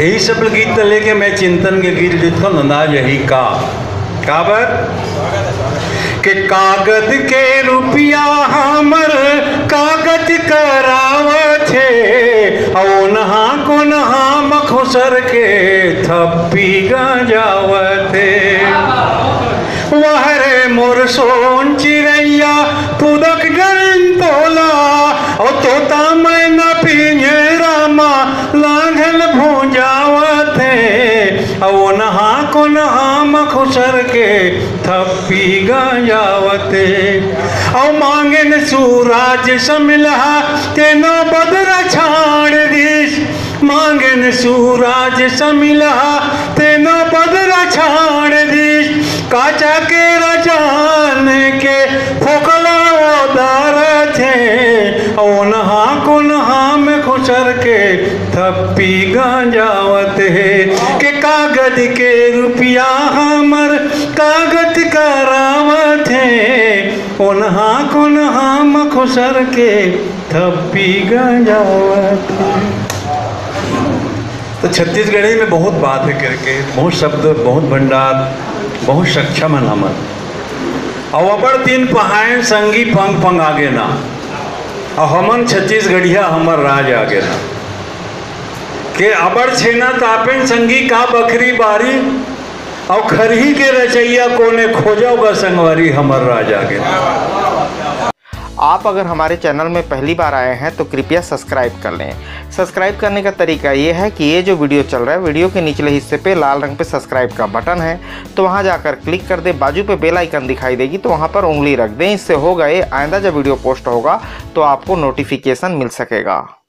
यही सब गीत तो लेके मैं चिंतन के गीत लिखो ना यही का काबर के कागज के रुपया हमर कागज करावा छे और नहा को नहा मखुसर के थप्पी गजावते वहरे मोर सोन चिरैया पुदक डन तोला और तोता जावत है और वो नहा को नहा मखुसर के थप्पी गा जावत मांगे मांगन सूराज समलहा तेना बदर छाड़ दिस मांगन सूराज समलहा तेना बदर छाड़ दिस काचा के रजान के फोकला वो दार थे और नहा को नहा में खुसर के थप्पी गांजावत है के कागज के रुपया हमर कागज करावत है को कोनहा मखुसर के थप्पी गांजावत तो छत्तीसगढ़ी में बहुत बात है करके बहुत शब्द बहुत भंडार बहुत सक्षम है हमर और अपन तीन पहाड़ संगी पंग पंग आगे ना और हमन छत्तीसगढ़िया हमर राज आगे ना के अबर छेना तापेन संगी का बकरी बारी और खरही के रचैया कोने खोजाओगा संगवारी हमर राजा के आप अगर हमारे चैनल में पहली बार आए हैं तो कृपया सब्सक्राइब कर लें सब्सक्राइब करने का तरीका ये है कि ये जो वीडियो चल रहा है वीडियो के निचले हिस्से पे लाल रंग पे सब्सक्राइब का बटन है तो वहाँ जाकर क्लिक कर दें बाजू पे बेल आइकन दिखाई देगी तो वहाँ पर उंगली रख दें इससे होगा ये आइंदा जब वीडियो पोस्ट होगा तो आपको नोटिफिकेशन मिल सकेगा